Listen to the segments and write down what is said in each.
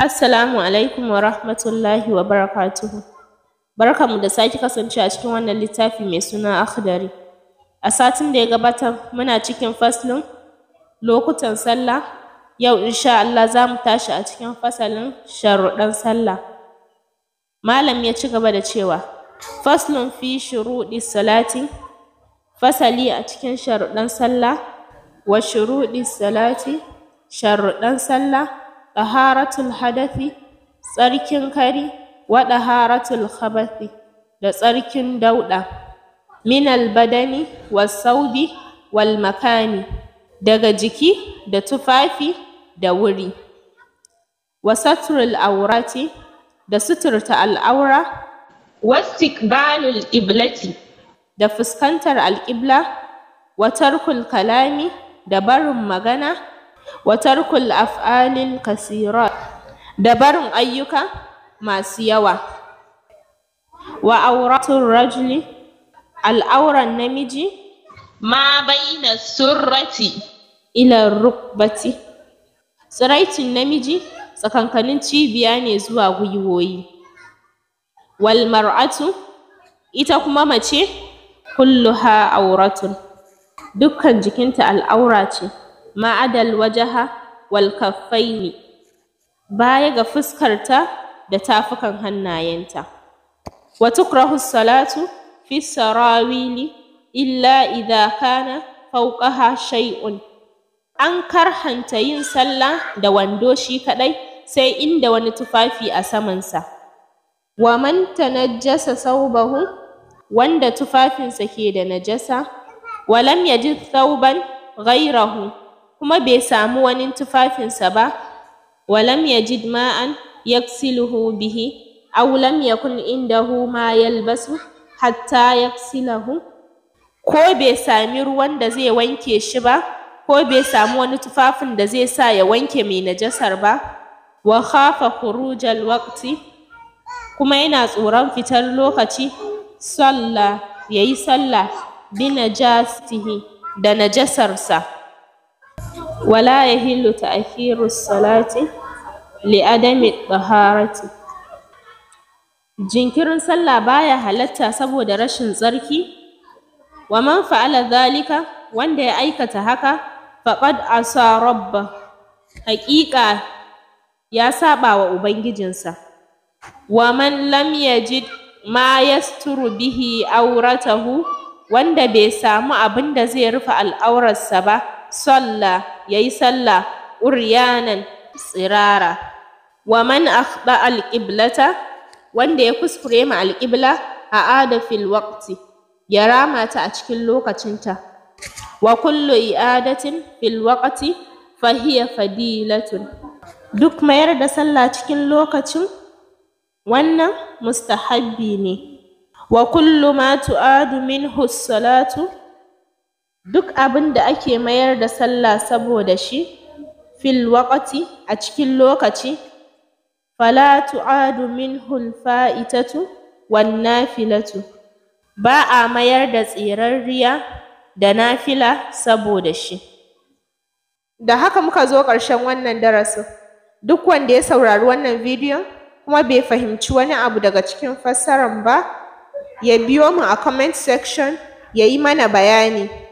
Assalamu alaikum wa rahmatullahi wa barakatuhu. Barkanmu da sake kasance a cikin wannan littafi mai suna Akhdari. A satin da ya gabata muna cikin faslin lokutan sallah. Yau insha Allah za mu tashi a cikin fasalin sharuɗan sallah. Malam ya ci gaba da cewa, Faslun fi shuruɗi salati, fasali a cikin sharuɗan sallah, wa shuruɗi salati, sharuɗan sallah, ɗaharatul hadathi tsarkin kari wa ɗaharatul khabathi da tsarkin dauɗa minal badani was saudi wal makani daga jiki da tufafi da wuri wa satrul aurati da suturta al'aura wastikbalul qiblati da fuskantar alƙibla wa tarkul kalami da barin magana wa tarkul af'alil kasirat da barin ayyuka masu yawa wa auratul rajuli al'auran namiji ma baina surrati ila rukbati tsiraitin namiji tsakankanin cibiya ne zuwa gwiwoyi wal mar'atu ita kuma mace kulluha auratun dukkan jikinta al'aura ce ma'adal wajaha wal kaffaini baya ga fuskarta da tafukan hannayenta wa tukrahu salatu fi sarawili illa idza kana fawqaha shay'un an karhanta yin sallah da wando shi kadai sai inda wani tufafi a samansa wa man tanajjasa saubahu wanda tufafinsa ke da najasa walam yajid thawban ghairahu kuma bai samu wani tufafinsa ba walam ji ma'an siluhu bihi ya kun inda hu ma yalbasu hatta silahu, ko bai sami ruwan da zai wanke shi ba ko bai samu wani tufafin da zai sa ya wanke mai najasar ba wa khafa khurujal waqti kuma yana tsoron fitar lokaci sallah ya yi sallah bi najasihi da najasarsa Wala ya ولا يهل تأخير الصلاة لعدم الطهارة jinkirin sallah baya halarta saboda rashin tsarki wa man fa'ala dhalika wanda ya aikata haka faqad asa rabba haqiqa ya saɓa wa ubangijinsa wa man lam yajid ma yasturu bihi auratahu wanda bai samu abin da zai rufe al'aurarsa ba salla yayi sallah uryanan tsirara wa man akhda alqiblata wanda ya kuskure ma alqibla a ada fil waqti ya rama ta a cikin lokacinta wa kullu i'adatin fil waqti fa hiya fadilatun duk mayar da sallah cikin lokacin wannan mustahabbi ne wa kullu ma tu'adu minhu salatu duk abin da ake mayar da sallah saboda shi fil waqati a cikin lokaci fala tu'adu minhu fa'itatu wan nafilatu ba a mayar da tsirarriya da nafila saboda shi da haka muka zo ƙarshen wannan darasin duk wanda ya saurari wannan bidiyon kuma bai fahimci wani abu daga cikin fassaran ba ya biyo mu a comment section ya yi mana bayani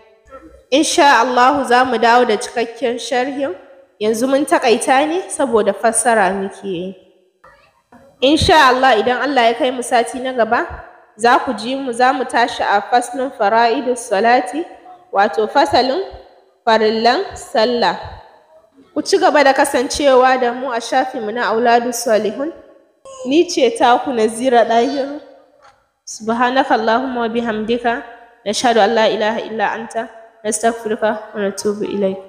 insha Allahu za mu dawo da cikakken sharhin yanzu mun takaita ne saboda fassara muke yi insha Allah idan Allah ya kai mu sati na gaba za ku ji mu za mu tashi a faslin fara'idus salati wato fasalin farillan sallah ku ci gaba da kasancewa da mu a mu na auladu salihun ni ce ta taku nazira ɗahiru subhanakallahumma wa bihamdika nashhadu an la ilaha illa anta nastaghfiruka wa natubu ilai.